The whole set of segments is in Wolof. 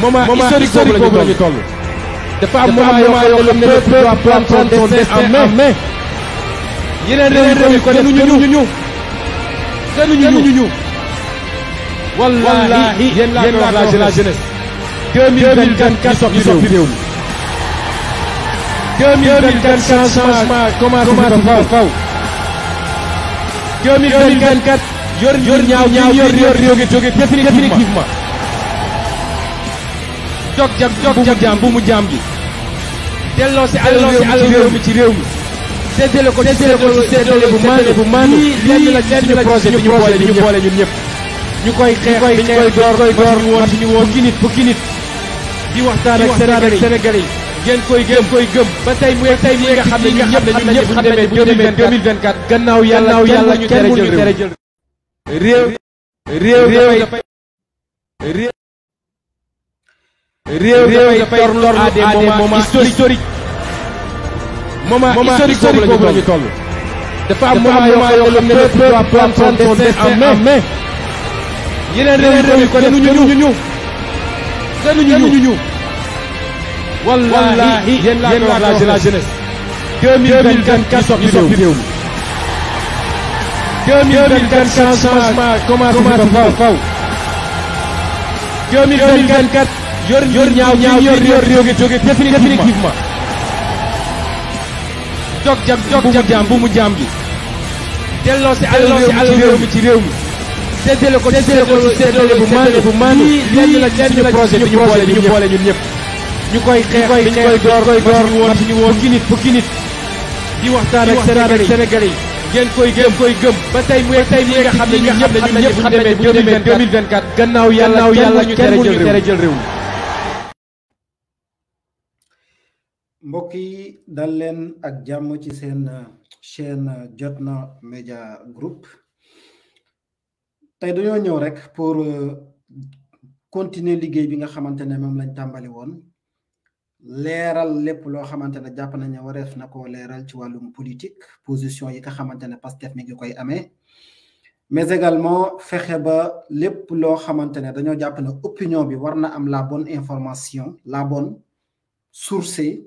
moment historique boobu la ñu toll. dafa am moment yoo xam ne le peuple doit prendre son destin en main. yeneen réew yi ko def gënuñu ñu. gënuñu ñu. wallaahi yéen laa ko wax la jeunesse. 2024 ñu soppi réew mi. 2024 changement commencé na faw. 2024 yor yor ñaaw ñaaw yor yor jóge jóge définitivement. dog jam dog jam jaam bu mu jaam ji delloo si alal réew mi ci réew mi séddale ko séddale ko séddale bu maane bu maane lii la suñu projet bi ñu boole ñu boole ñun ñëpp ñu koy xeex koy koy door koy door ñu woon suñu woon fukki nit fukki nit di waxtaan ak Sénégalais yi gen koy gëm koy gëm ba tey mu tey ñi nga xam ne ñun ñëpp ñun ñëpp xam ne bu ñu demee 2024 gannaaw yàlla yàlla ñu tere jël réew réew réew Rien de dafay à des moments historiques moment historique pour le toll. dafa am moment le peuple doit prendre son destin en main. yeneen réew des ko ñu. ñu. la jeunesse. 2024 ñu réew mi. 2024 changement commencé la 2024. yor yor ñaaw ñaaw yor yor réew mi jóge définitivement jog jam jog jam jaam bu mu jaam bi delloo si alal réew mi ci réew mi séddale ko séddale ko séddale bu maanu bu maanu lenn la lenn la projet bi ñu boole ñu ñëpp ñu koy xeex bi ñu koy door koy door woon ci ñu woon fukki nit fukki di waxtaan ak yi ngeen koy gëm koy gëm ba tey muy tey muy nga xam ne ñun ñëpp xam nañu bu ñu demee 2024 gannaaw yàlla kenn mënuñu tere jël réew mi mbokk yi dal leen ak jàmm ci sen chaîne Jotna Media Group tay dañu ñëw rek pour continuer liggéey bi nga xamantene ne moom lañ tàmbali woon leeral lépp loo xamante ne jàpp nañu wareef na ko leeral ci wàllum politique position yi nga xamante ne Pastef mi ngi koy amee mais également fexe ba lépp loo xamante ne dañoo jàpp ne opinion bi war na am la bonne information la bonne sourcée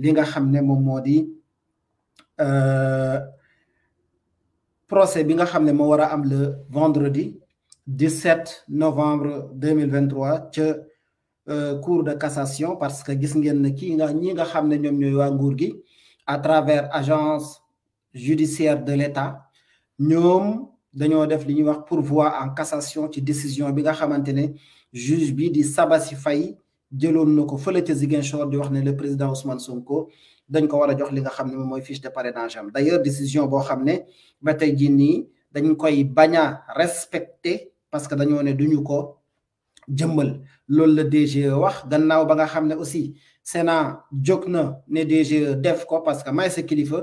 li nga euh, procès bi nga ne le vendredi 17 novembre 2023 le euh, cour de cassation parce que gis ngeen ki nga à travers agence judiciaire de l'État ñom dañoo def wax pourvoi en cassation ci décision bi nga juge bi di djelon nako fele ci ca chor di wax ne le président Ousmane Sonko dañ ko wara jox li nga xamne moy fiche de parrainage am d'ailleurs décision bo xamne batay ba tey dañ koy bañ respecter parce que dañoo ne duñu ko jëmmal loolu le dg wax gannaaw ba nga xamne aussi Sénat jóg ne dg e def ko parce que may sa kilifa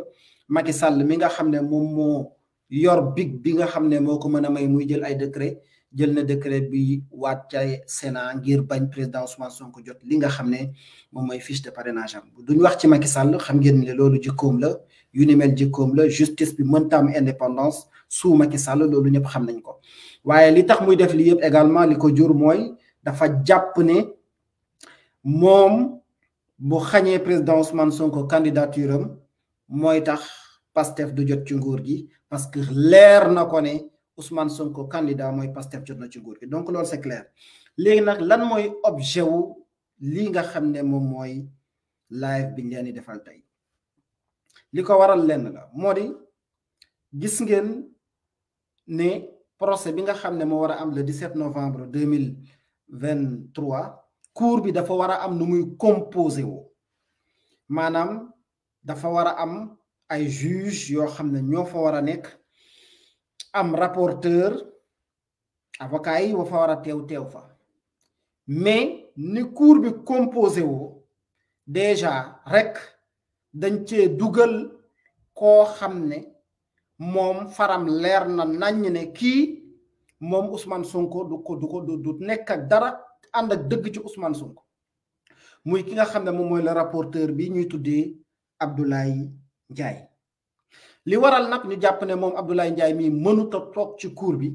Macky Sall mi nga xamne ne moom yor big bi nga xamne moko meuna may muy jël ay décret jël na décret bi waat ca Sénat ngir bañ président Ousmane Sonko jot li nga xam ne moom mooy fiche de parrainage am duñ wax ci Macky Sall xam ngeen ne loolu jikkoom la yu ni mel jikkoom la justice bi mënta am indépendance su Macky Sall loolu ñëpp xam nañ ko. waaye li tax muy def li yëpp également li ko jur mooy dafa jàpp ne moom bu xañee président Ousmane Sonko candidature am mooy tax Pastef du jot ci nguur gi parce que leer na ko ne. Ousmane Sonko candidat moy Pastef jotna ci nguur donc lool c'est clair léegi nak lan moy objet wu lii nga xam mom moy live bi ñu leen defal tay liko waral len la modi gis ngeen ne procès bi nga xam mo wara am le 17 novembre 2023 cour bi dafa wara am nu muy composé wu maanaam dafa wara am ay juge yo xam ño fa wara nek am rapporteur avocat yi wa fa war a fa mais ni cour bi composé wo déjà rek dañ cee dugal ko xamne mom faram leer na naññ ne ki mom Ousmane Sonko du ko du ko du nekk ak dara and ak deug ci Ousmane Sonko muy ki nga xamne mom moy le rapporteur bi ñuy tuddee Abdoulaye Ndiaye li waral nak ñu japp ne mom Abdoulaye Ndiaye mi mënu ta tok ci cour bi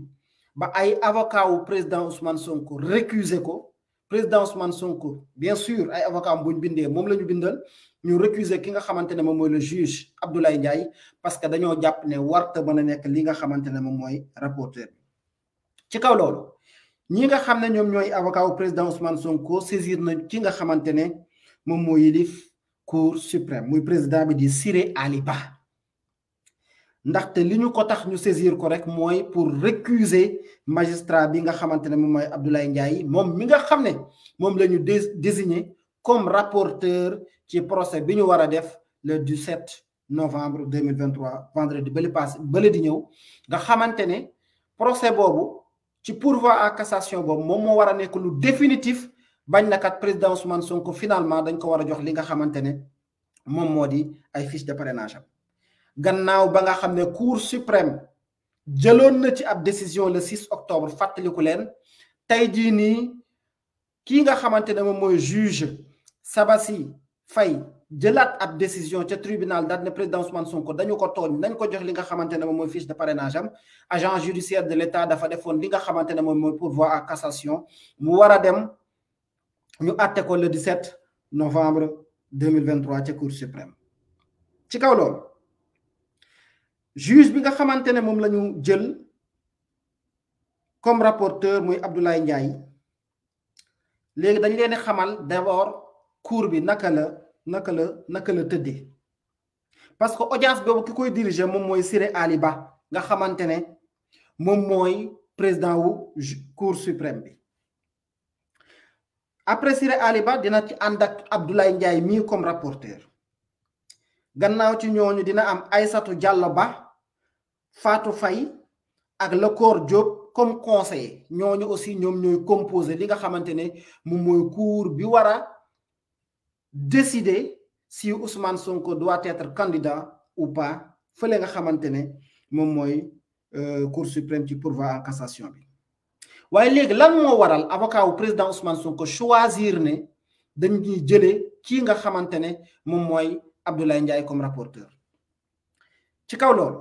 ba ay avocat wu président Ousmane Sonko récuser ko président Ousmane Sonko bien sûr ay avocat buñ bindé mom lañu bindal ñu récuser ki nga xamantene mom moy le juge Abdoulaye Ndiaye parce que dañoo japp ne warta mëna nek li nga xamantene mom moy rapporteur ci kaw lolu ñi nga xam ñom ñoy avocat wu président Ousmane Sonko saisir na ki nga xamantene mom moy cour suprême muy président bi di Siré Ali Ba ndaxte li ñu ko tax ñu saisir ko rek moy pour récuser magistrat bi nga xamantene ne moom Abdoulaye Ndiaye mom mi nga xamné mom lañu désigner désigné comme rapporteur ci procès bi ñu def le 17 novembre 2023 vendredi bële pass bële di ñew nga xamantene procès bobu ci pourvoi à cassation bobu mom mo wara nek lu définitif bañ na kat président Ousmane Sonko finalement dañ ko wara a jox li nga xamantene mom modi ay fiche de parrainage gannaaw ba nga xam ne cour suprême jëloon na ci ab décision le 6 octobre fàttaliku leen tey jii nii kii nga xamante ne moom mooy juge Sabasi, Fay, jëlaat ab décision ca tribunal daal ne président Ousmane Sonko dañu ko tooñ nañ ko jox li nga xamante ne moom mooy fiche de parrainage am agent judiciaire de l'État dafa defoon li nga xamante ne moom mooy pourvoi à cassation mu war a dem ñu atté ko le 17 novembre 2023 ca cour suprême ci kaw loolu juge bi nga xamantene mom lañu la jël comme rapporteur moy Abdoulaye Ndiaye légui dañ leen xamal d'abord cour bi naka la naka la naka la parce que audience boobu ki koy diriger mom moy Siré aliba nga xamantene mom moy président wu cour suprême bi après Siré Aliba, dina ci andak Abdoulaye Ndiaye mi comme rapporteur gannaaw ci ñooñu dina am Aysatu Diallo Ba Fatou fay ak cor Diop comme conseiller ñooñu aussi ñom ñoy composer li nga xamantene ne moy cour bi wara décider si Ousmane Sonko doit être candidat ou pas fele nga xamantene mom moy euh, Cour suprême ci pourvoi en cassation bi waye léegi lan mo waral avocat ou président Ousmane Sonko choisir ne dañuy jëlé ki nga xamantene mom moy Abdoulaye njaay comme rapporteur ci kaw loolu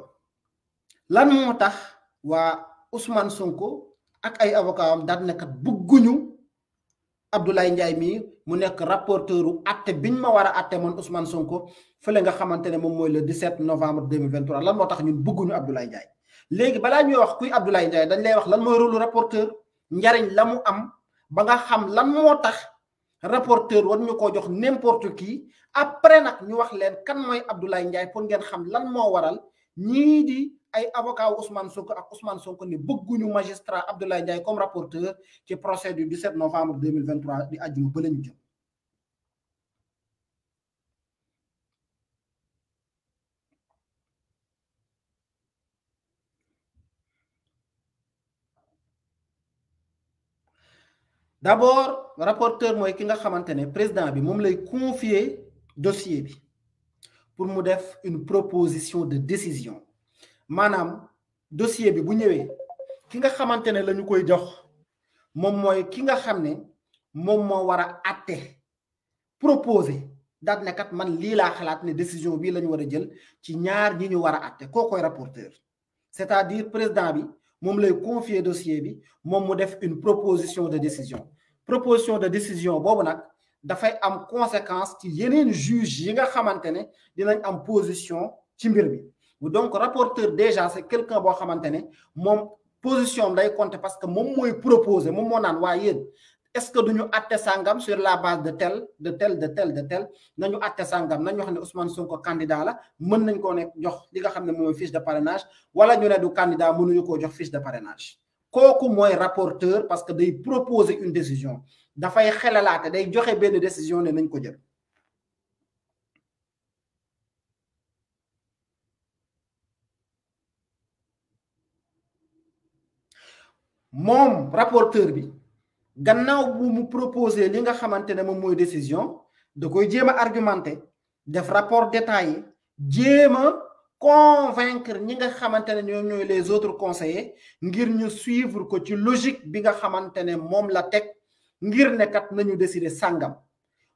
lan moo tax waa Ousmane sunko ak ay avocat am daal nekkat bëgguñu Abdoulaye Ndiaye mii mu nekk rapporteur u atte biñ ma war a atte man Ousmane Sonko fële nga xamante ne moom mooy le 17 novembre 2023 lan moo tax ñu bëgguñu Abdoulaye Ndiaye léegi balaa ñuy wax kuy Abdoulaye Ndiaye dañ lay wax lan mooy rolu rapporteur njariñ la mu am ba nga xam lan moo tax rapporteur war ñu koo jox n'importe qui après nak ñu wax leen kan moy Abdoulaye Ndiaye pour ngeen xam lan mo waral ñi di ay avocat Ousmane Sonko ak Ousmane Sonko ne bëgguñu magistrat Abdoulaye Ndiaye comme rapporteur ci procès du 17 novembre 2023 di àjjuma ba la d'abord rapporteur mooy ki nga xamante président bi moom lay confier dossier bi pour mou def une proposition de décision Madame, dossier bi bu ñëwee ki nga xamante ne la ñu koy jox moom mooy ki nga xam ne moom moo war proposer daat ne kat man li la xalaat ne décision bii la ñu war a jël ci ñaar ñi ñu war koy rapporteur c'est-à-dire président bi mom lay confier dossier bi mom mu une proposition de décision proposition de décision nak da am conséquence ci yeneen juge yi nga position ci mbir bi donc rapporteur déjà c'est quelqu'un qui xamantene position parce que mom moy proposer est-ce que duñu àtte sangam sur la base de tel de tel de tel de tel nañu àtte sangam Nous avons ne Ousmane Sonko candidat la mën nañ koo ne jox li nga fiche de parrainage wala ñu avons du candidat mënuñu koo jox fiche de parrainage kooku mooy rapporteur parce que day proposer une décision dafay xelalaate day joxe une décision nous nañ ko jël moom rapporteur bi gannaaw bu mu proposer, li nga xamantene mom moy décision da koy jéem a def rapport détaillé jéem convaincre ñi nga xamantene ne ñoom les autres conseillers ngir ñu suivre ko ci logique bi nga xamantene mom la tek ngir ne kat nañu décider sangam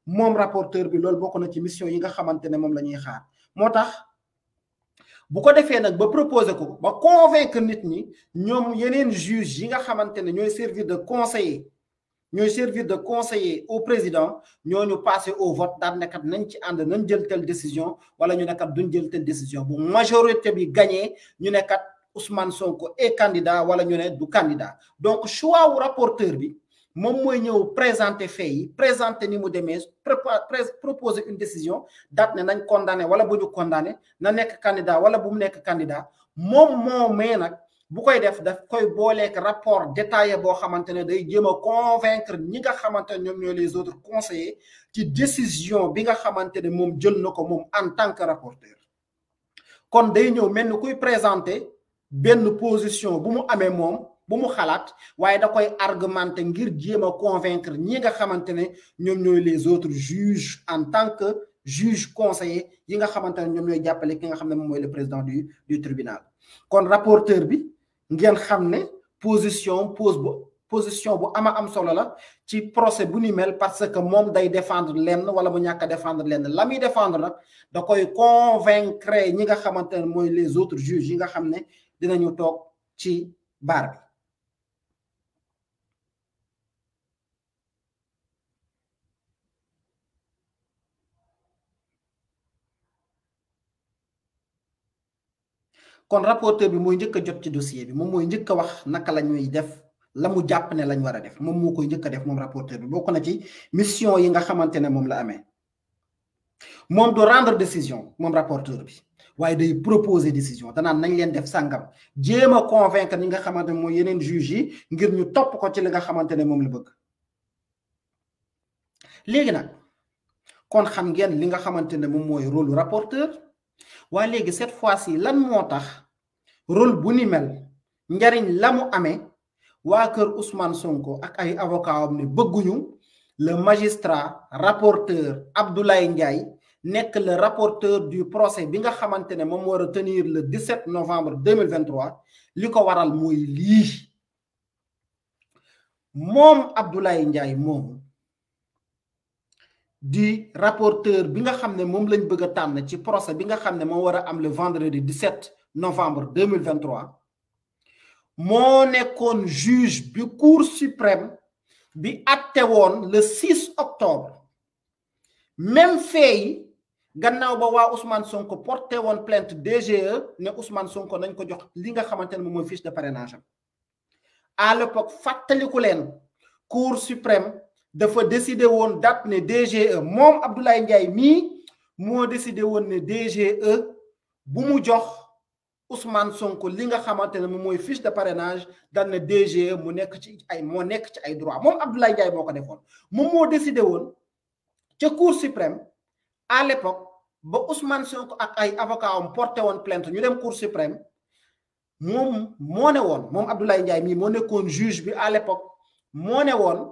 mom rapporteur bi loolu bokk na ci mission yi nga xamantene ne lañuy la xaar motax bu ko defee nag ba proposer ko ba convaincre nit ñi ñoom yeneen juge yi nga xamantene ñooy servir de conseiller nous servir de conseiller au président ñu passé au vote daal nekat nañ ci and nañ jël telle décision wala ñu nekat duñ jël telle décision bu majorité bi gagné ñu nekat Ousmane Sonko est candidat wala ñu ne du candidat donc choix au rapporteur bi mom moy ñeu présenter fait yi présenter ni mu demee proposer une décision daat ne nañ condamné wala buñu ñu condamné na nekk candidat wala bu mu candidat mom bu koy def daf koy booleek rapport détaillé boo xamante ne day jéem a convaincre ñi nga xamante ne ñoom ñooy les autres conseillers ci décision bi nga xamante ne moom jël na ko moom en tant que rapporteur kon day ñëw mel ni kuy présenter benn position bu mu amee moom bu mu xalaat waaye da koy argumenté ngir jéem a convaincre ñi nga xamante ne ñoom ñooy les autres juges en tant que juge conseiller yi nga xamante ne ñoom ñooy jàppale ki nga xam ne moom mooy le président du du tribunal kon rapporteur bi ngeen xam ne position pose bu position bu ama am solo la ci procès bu ni mel parce que moom day défendre lenn wala mu ñàkk a défendre lenn la muy défendre nag da koy convaincre ñi nga xamante ne mooy les autres juges yi nga xam ne dinañu toog ci baar bi kon rapporteur bi moy ñëk jot ci dossier bi mom moy ñëk wax naka la def la ne lañ wara def mom moko ñëk def rapporteur mission yi nga xamantene mom la rendre décision mon rapporteur bi day proposer décision da nañ leen def sangam convaincre nga xamantene que juge yi ngir ñu top ko ci nga xamantene mom la bëgg légui nak kon xam ngeen li nga rôle rapporteur waa léegi cette fois-ci lan moo tax rôle bu ni mel njariñ la mu amee waa kër Ousmane Sonko ak ay avocat am ne bëgguñu le magistrat rapporteur Abdoulaye Ndiaye nekk le rapporteur du procès bi nga xamante ne moom war a tenir le 17 novembre 2023 li ko waral mooy lii moom Abdoulaye Ndiaye moom Du rapporteur bi nga xamné mom lañ bëgg a ci procès bi nga xamné am le vendredi 17 novembre 2023 mon écon juge bi cour suprême bi atté won le 6 octobre même fait yi gannaaw ba wa Ousmane Sonko porté won plainte DGE ne Ousmane Sonko nañ ko jox li nga fiche de parrainage à l'époque fàttaliku len cour suprême dafa décider won date ne DGE mom Abdoulaye Ndiaye moi mo décider won ne DGE bu mu jox Ousmane Sonko li nga xamantene ne fiche de parrainage dans le DGE mu nek ci ay mo nek ci ay droit mom Abdoulaye Ndiaye boko defone mom mo moo décider Cour suprême à l'époque ba Ousmane Sonko ak ay avocat am porté won plainte ñu dem Cour suprême mom mo né won mom Abdoulaye Ndiaye mii juge bi à l'époque mo né won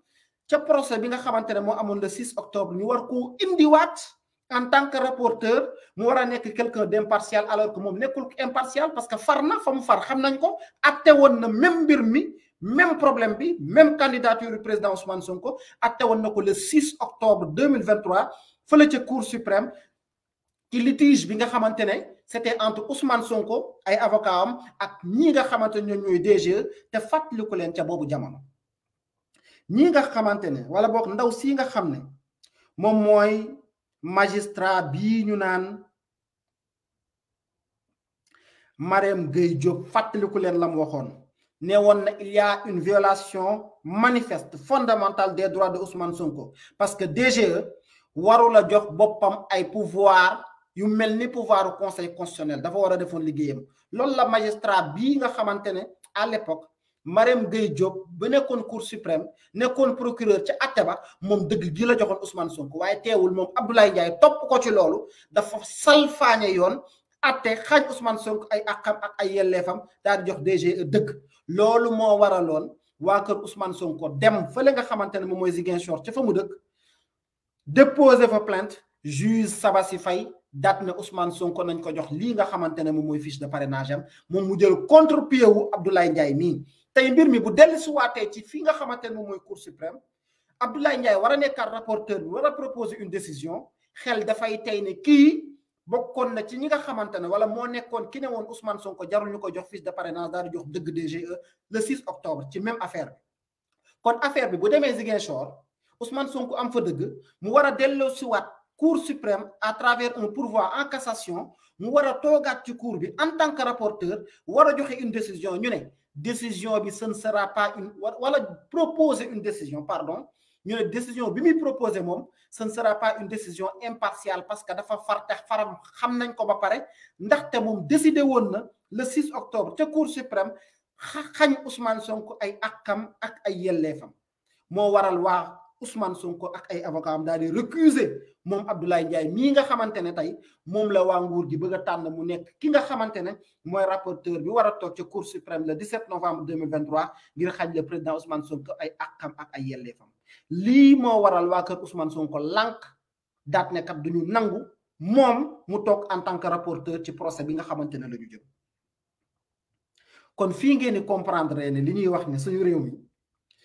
ce procès bi nga xamantene mo amone le 6 octobre ñu war ko wat en tant que rapporteur mu wara nek quelqu'un d'impartial alors que moom nekkul impartial parce que farna fam far xam nañ ko na même bir mi même problème bi même candidature du président Ousmane Sonko atte won nako le 6 octobre 2023 fele le cour suprême qui litige bi nga xamantene c'était entre Ousmane Sonko ay avocat am ak ñi nga xamantene ñoy DG ñooy DGE te fàttaliku jamono ñi nga xamantene wala bok ndaw si nga xam mom moy magistrat bi ñu naan Marème Gueye Diop fàttaliku len lam mu waxoon na il y a une violation manifeste fondamentale des droits de Ousmane Sonko parce que DGE waru la jox bopam ay pouvoir yu melni ni pouvoir conseil constitutionnel dafa wara a defoon lool la magistrat bi nga xamantene à l'époque Marem Gueye Diop ba nekkoon cour suprême nekkoon procureur ci mon ba moom dëgg gi la joxoon Ousmane Sonko waaye teewul moom Abdoulaye Ndiaye top ko ci loolu dafa yoon atte xaaj Ousmane Sonko ay àqam ak ay yelleefam daal jox DG e dëgg loolu moo waraloon waa kër Ousmane Sonko dem fële nga xamante ne moom mooy Ziguinchor ca dëkk déposer fa plainte juge Sabassi Faye ne Ousmane Sonko nañ ko jox lii nga de parrainage am moom mu jël contre pied wu Abdoulaye Ndiaye tay mbir mi bu dellusiwaatee ci fi nga xamante ne moom cour suprême Abdoulaye Ndiaye wara a rapporteur wara proposer une décision xel dafay tey ne ki bokkon na ci ñi nga xamante wala mo nekkoon ki ne Ousmane Sonko jarul ñuko jox fils de parrainage daal jox deug DGE le 6 octobre ci même affaire kon affaire bi bu demee Ziguinchor Ousmane Sonko am fa deug mu war a delloosiwaat cour suprême à travers un pourvoi en cassation mu wara togat ci cour bi en tant que rapporteur wara joxe une décision ñu né décision bi ce ne sera pas une wala proposer une décision pardon ñu ne décision bi muy proposer mom ce ne sera pas une décision impartiale parce que dafa far tax faram xam nañ ko ba ndax té mom décidé won na le 6 octobre ca cour suprême xagn Ousmane Sonko ay akam ak ay yellefam mo waral wa Ousmane Sonko ak ay avocat am daal di récuser Abdoulaye Ndiaye mi nga xamantene tay mom la wa nguur gi bëgg a mu nekk ki nga xamantene moy rapporteur bi wara tok ci Cour suprême le 17 novembre 2023 ngir xaj le président Ousmane Sonko ay akam ak ay yellefam li mo waral wa keur Ousmane Sonko lank daat ne kat duñu nangu mom mu tok en tant que rapporteur ci procès bi nga xamantene lañu la jëm kon fi ngeen ni comprendre ni li ñuy wax ni suñu réew mi.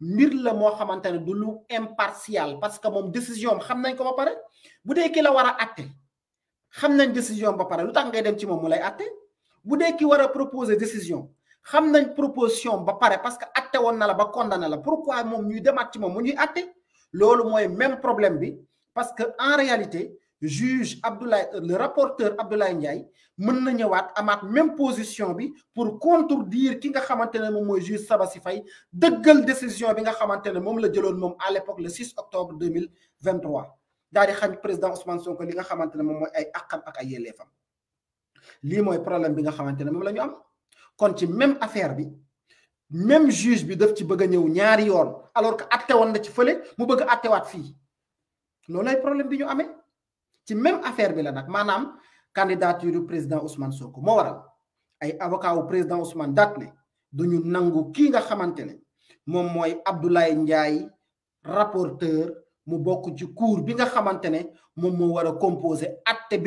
mbir la moo xamante impartial parce que mon décision am ko ba pare bu ki la war a décision ba pare lu tax ngay dem ci moom mu lay proposer décision xam proposition ba pare parce que àtte woon na la ba condamné la pourquoi moom ñuy demat ci moom mu ñuy loolu même problème parce que en réalité juge Abdoulaye euh, le rapporteur Abdoulaye Ndiaye mën na ñëwaat amaat même position bi pour contredire ki nga xamante ne moom mooy juge Sabassi Faye dëggal décision bi nga xamante ne moom la jëloon moom à l'époque le 6 octobre 2023 daal di xam président Ousmane Sonko li nga xamante ne moom mooy ay àqam ak ay yelleefam lii mooy problème bi nga xamante ne moom la ñu am kon ci même affaire bi même juge bi daf ci bëgg a ñëw ñaari yoon alors que attewoon na ci fële mu bëgg a attewaat fii loolu lay problème bi ñu amee ci même affaire bi la candidature président Ousmane Sonko mo waral avocat au président Ousmane Datné, duñu nangu rapporteur, nga suis mom Abdoulaye Ndiaye rapporteur mu bok ci cour bi nga composé atte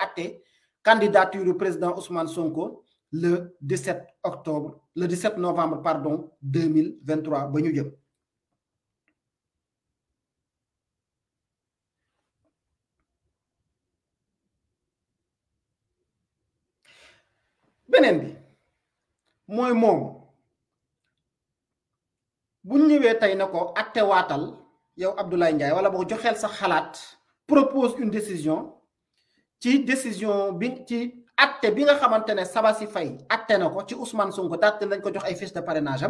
atté candidature président Ousmane Sonko le 17 octobre le 17 novembre pardon 2023 benen bi moy mom bu ñëwé tay nako ko acté waatal yow Abdoulaye ndjay wala boo joxeel sa xalat propose une décision ci décision bi ci acté bi nga xamantene sabasi fay Faye nako ci Ousmane Sonko daate lañ ko jox ay fiche de parrainage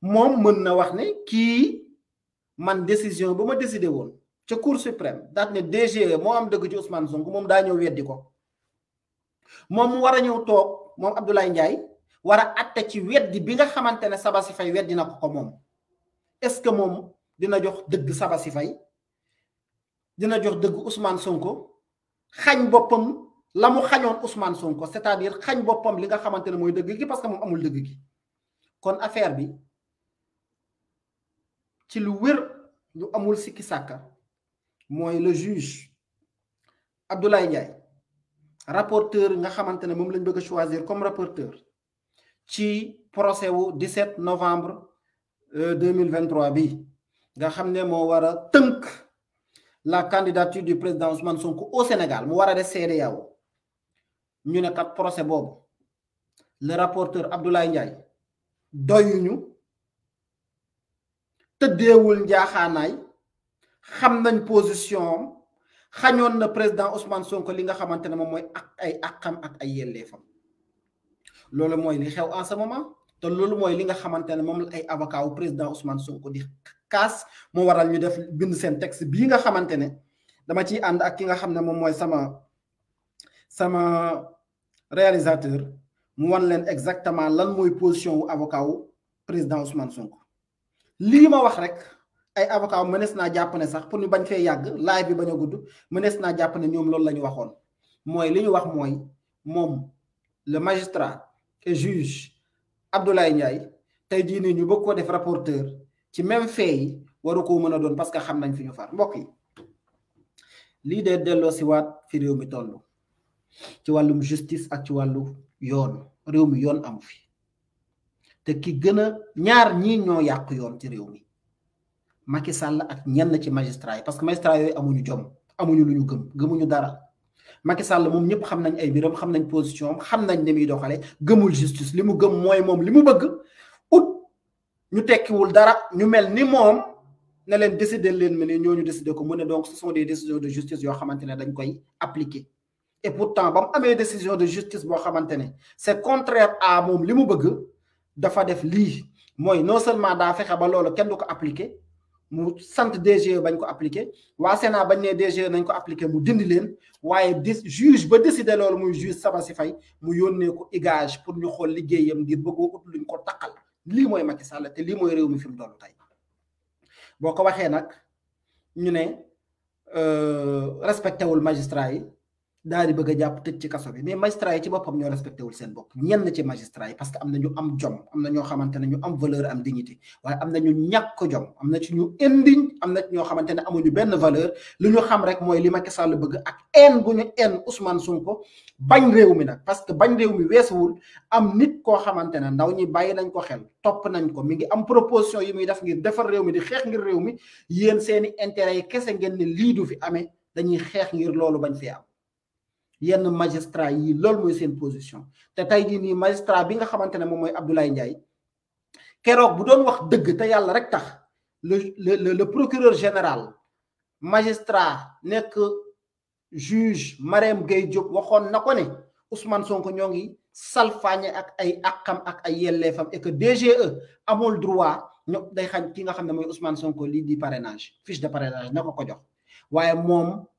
mom meun na wax ne ki man décision ba ma décidé woon ca Cour suprême dat ne DGE mo am deug ci Ousmane Sonko mom da ñëw weddi ko moom mu war a ñëw toog moom Abdoulaye Ndiaye war a atte ci weddi bi nga xamante ne Sabasy Faye weddi na ko ko moom est-ce que moom dina jox dëgg Sabasy Faye dina jox dëgg Ousmane Sonko xañ boppam la mu xañoon Ousmane Sonko c'est-à-dire xañ boppam li nga xamante ne mooy dëgg gi parce que moom amul dëgg gi kon affaire bi ci lu wér lu amul sikki sàkka mooy le juge Abdoulaye Ndiaye rapporteur nga xamantene ne lañ bëgg choisir comme rapporteur ci procès wu 17 novembre 2023 euh, bi nga xam ne wara teunk la candidature du président Ousmane Sonko au Sénégal mu wara a des ñu ne kat procès le rapporteur Abdoulaye Ndiaye doyuñu tëddeewul njaaxaanaay xam nañ position xañoon na président Ousmane Sonko li nga xamante ne moom mooy ak ay am ak ay yelleefam loolu mooy li xew en ce moment te loolu mooy li nga xamante ne moom ay avocat wu président Ousmane Sonko di kaas moo waral ñu def bind seen texte bii nga xamante ne dama ciy ànd ak ki nga xam ne moom mooy sama sama réalisateur mu wan leen exactement lan mooy position wu avocat wu président Ousmane Sonko lii ma wax rek. ay avocat mënees naa jàpp ne sax pour ñu bañ fee yàgg live bi bañ a gudd mënees naa jàpp ne ñoom loolu la ñu waxoon mooy li ñu wax mooy moom le magistrat et juge Abdoulaye Ndiaye tey jii nii ñu bokk ko def rapporteur ci même fait waru koo mën a doon parce que xam nañ fi ñu far mbokk yi lii dee delloo si waat fi réew mi toll ci wàllum justice ak ci wàllu yoon réew mi yoon amu fi te ki gën a ñaar ñii ñoo yàq yoon ci réew mi Macky Sall ak ñenn ci magistrats yi parce que magistrat yoy amuñu jom amuñu luñu gëm gëmuñu dara Macky Sall moom ñëpp xam nañ ay biram xam nañ position xam nañ ni doxale gëmul justice limu gëm moy mom limu bëgg ut ñu wul dara ñu mel ni mom, ne leen décider leen mu ñoo ñu décider ko mu ne donc ce sont des décisions de justice yo xamantene dañ koy appliquer et pourtant bam amé décision de justice bo xamantene c'est contraire à mom limu bëgg dafa def li moy non seulement da fexé ba lolu kenn du ko appliquer mu sant DGE bañ ko appliqué waa naa bañ ne DGE nañ ko appliqué mu dindi leen waaye di juge ba décidé loolu muy juge Sabassy fay mu yónnee ko igage pour ñu xool liggéeyam ngir bëggoo ut luñ ko taqal lii mooy Macky Sall te lii mooy réew mi fi mu toll tey boo ko waxee nag ñu ne euh, respecté wul magistrat yi daal di bëgg jàpp tëj ci kaso bi mais magistrat yi ci boppam ñoo respecté seen bopp ñenn ci magistrat yi parce que am na ñu am jom am na ñoo xamante ne am valeur am dignité waaye am na ñu ñàkk jom am na ci ñu indigne am na ñoo xamante ne amuñu benn valeur lu ñu xam rek mooy li Macky Sall bëgg ak haine bu ñu haine Ousmane Sonko bañ réew mi nag parce que bañ réew mi weesuwul am nit koo xamante ne ndaw ñi bàyyi nañ ko xel topp nañ ko mi ngi am proposition yi muy def ngir defar réew mi di xeex ngir réew mi yéen seeni intérêt yi kese ngeen ni lii du fi amee dañuy xeex ngir loolu bañ fi am yenn magistrat yi position magistrat Abdoulaye Ndiaye le procureur général magistrat que juge Marème Diop waxoon na Ousmane Sonko ñoo ak ay ak ay et que DGE amol droit day xañ Ousmane Sonko di parrainage fiche de parrainage na ko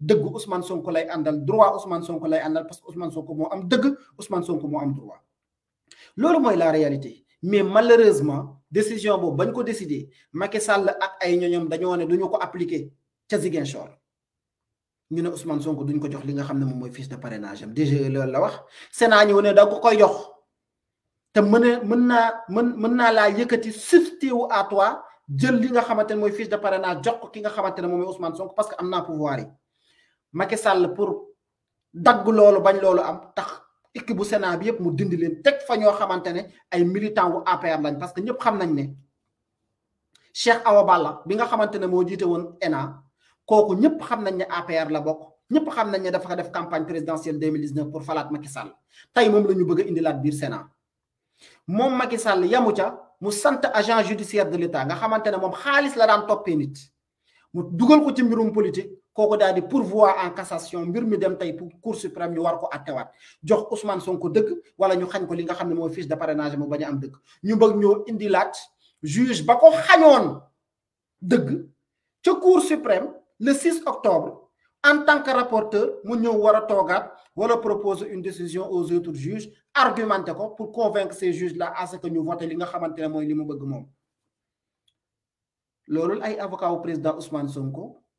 dëgg Ousmane Sonko lay àndal droit Ousmane Sonko lay àndal parce que Ousmane Sonko moo am dëgg Ousmane Sonko moo am droit loolu mooy la réalité mais malheureusement décision boobu bañ ko décider Macky Sall ak ay ñoñom dañoo ne duñu ko appliquer ca Ziguinchor ñu ne Ousmane Sonko duñ ko jox li nga xam ne moom mooy fiche de parrainage am DG loolu la wax Sénat ñëw ne da ko koy jox te mën a mën naa mën mën naa laa yëkkati substitut wu à toi jël li nga xamante mooy fiche de parrainage jox ko ki nga xamante ne moom mooy Ousmane Sonko parce que am naa pouvoir Macky Sall pour dagg loolu bañ loolu am tax équipe bu Sénat bi yëpp mu dindi leen teg fa ñoo xamante ne ay militant wu APR lañ parce que ñëpp xam nañ ne Cheikh Awa Balla bi nga xamante ne moo jiite woon ENA kooku ñëpp xam nañ ne APR la bokk ñëpp xam nañ ne dafa def campagne présidentielle 2019 pour falaat Macky Sall tey moom la ñu bëgg a indilaat biir Sénat moom Macky Sall yamu ca mu sant agent judiciaire de l'État nga xamante ne moom xaalis la daan toppee nit mu dugal ko ci mbirum politique. Pour daal di pourvoi en cassation mbir mi dem tay pour cour suprême ñu war ko attewat jox Ousmane Sonko deug wala ñu xagn ko li nga xamne ne de parrainage mu am deug ñu bëgg ñoo juge ba ko xañoon dëgg cour suprême le 6 octobre en tant que rapporteur mu un wara togat nous wala proposer une décision aux autres juges argumenter ko pour convaincre ces juges là à ce que ñu voter li nga xamantene moy li mu bëgg mom ay avocat au président Ousmane Sonko.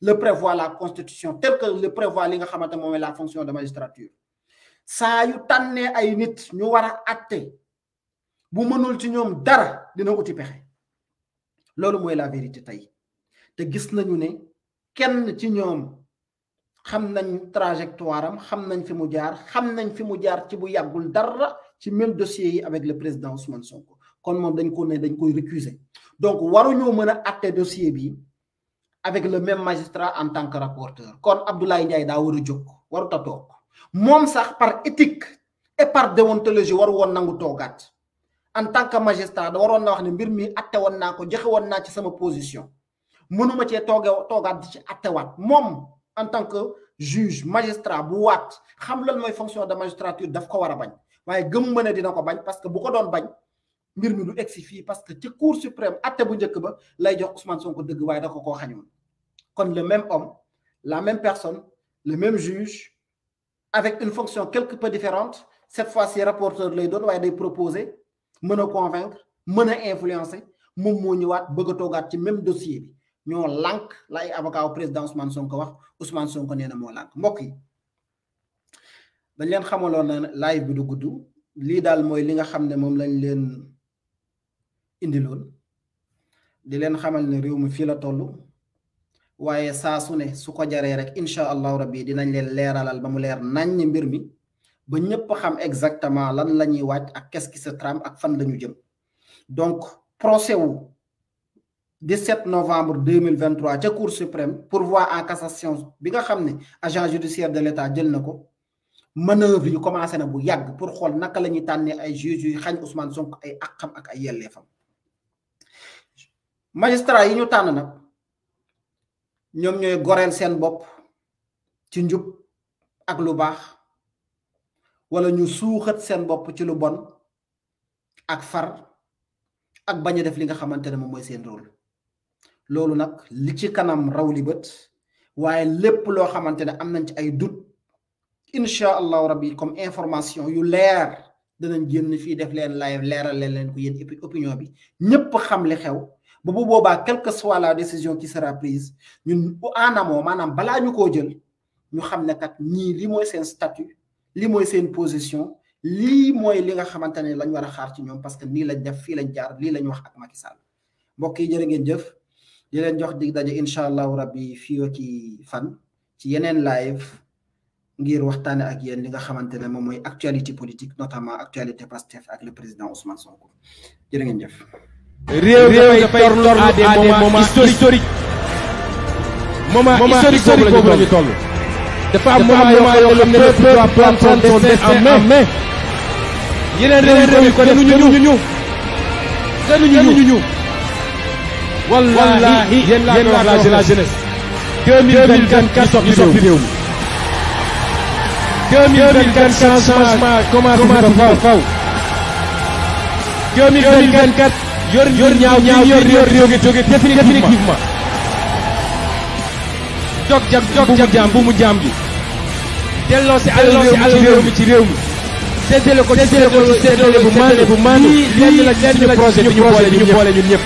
le prévoit la constitution tel que le prévoit li nga la fonction de magistrature Ça yu tanné ay nit ñu war a bu mënul ci ñoom dara dina uti pexe loolu mooy la vérité tey te gis nañu ne kenn ci ñoom xam trajectoire am xam fi mu jaar xam fi mu jaar ci bu dara ci même dossier avec le président Ousmane Sonko kon moom dañ ko ne dañ koy récuser donc nous mën a dossier bi avec le même magistrat en tant que rapporteur kon Abdoulaye Ndiaye da war a waru warut a sax par éthique et par déontologie waru won nangou togat en tant que magistrat da waroon na wax ni mbir mi atte woon naa ko ci sama position mënuma ci tooge togat di ci attewaat mom en tant que juge magistrat bu wat xam lan moy fonction de magistrature daf ko wara a bañ waaye gëm dina ko bañ parce que bu ko don bañ mbir mi du egsi parce que ci cour suprême atté bu njëkk ba lay jox Ousmane Sonko dëgg waye da ko ko xañoon comme le même homme la même personne le même juge avec une fonction quelque peu différente cette fois-ci rapporteur lay doon waaye day proposer convaincre me influencer mon moo ñëwaat même dossier bi ñoo lànk au président Ousmane Sonko wax Ousmane Sonko nee na l'ank. lànk mbokk yi dañ leen xamaloon na live bi du gudd lii daal mooy li nga xam ne moom lañ leen indiloon di leen xamal ne la waaye saa su ne su ko jaree rek incha allahu rabbi dinañ leen leeralal ba mu leer naññ mbir mi ba ñëpp xam exactement lan lañuy ñuy wàcc ak qu'est-ce qui se trame ak fan lañu jëm donc procès wu 17 novembre 2023 ca cour suprême pour voir en cassation bi nga xam ne agent judiciaire de l'État jël na ko manœuvre yu commencé na bu yàgg pour xool naka la ñuy tànnee ay juge yu xañ Ousmane Sonko ay àqam ak ay yelleefam magistrat yi ñu tànn nag. ñoom ñooy goreel seen bopp ci njub ak lu baax wala ñu suuxat seen bopp ci lu bon ak far ak bañ def li nga xamante ne moom mooy seen rôle loolu nag li ci kanam raw li bët waaye lépp loo xamante ne am nañ ci ay doute incha allahu rabbi comme information yu leer danañ génn fii def leen lay leeral leen ku ko yéen opinion bi ñépp xam li xew quelle que soit la décision qui sera prise ñun en amont manam bala ñu ko jël ñu Nous kat li moy sen statut li position li moy li nga lañ wara xaar ci parce que nous lañ def fi lañ jaar li lañ wax ak Macky Sall mbokk yi jëf di leen jox dig ci fan ci live ngir waxtane ak yeen li nga moy actualité politique notamment actualité Pastef ak le président Ousmane Sonko jëf réew réew dafay torlu à des moments historiques moment historique boobu la ñu toll dafa am moment yoo xam ne le peuple doit prendre son destin en main yeneen réew yi ko def gënuñu ñu gënuñu ñu wallaahi yéen laa la jeunesse 2024 ñu soppi réew mi 2024 changement commencé na faw 2024 yor yor ñaaw ñaaw yor yor yor yor définitivement jog jag jog jag jaam bu mu jaam bi delloo si àll ci réew mi ci réew mi séddale ko ci séddale bu maane bu maane lii la suñu projet bi ñu boole ñun ñëpp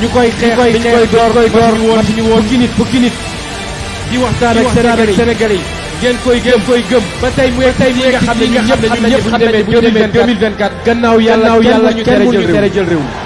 ñu koy xeex koy koy door koy door woon ñu woon fukki nit fukki nit di waxtaan ak Sénégalais yi ngeen koy gëm koy gëm ba tey mu tey mu nga xam ne ñun xam nañu bu ñu demee 2024 gannaaw yàlla ñu tere jël réew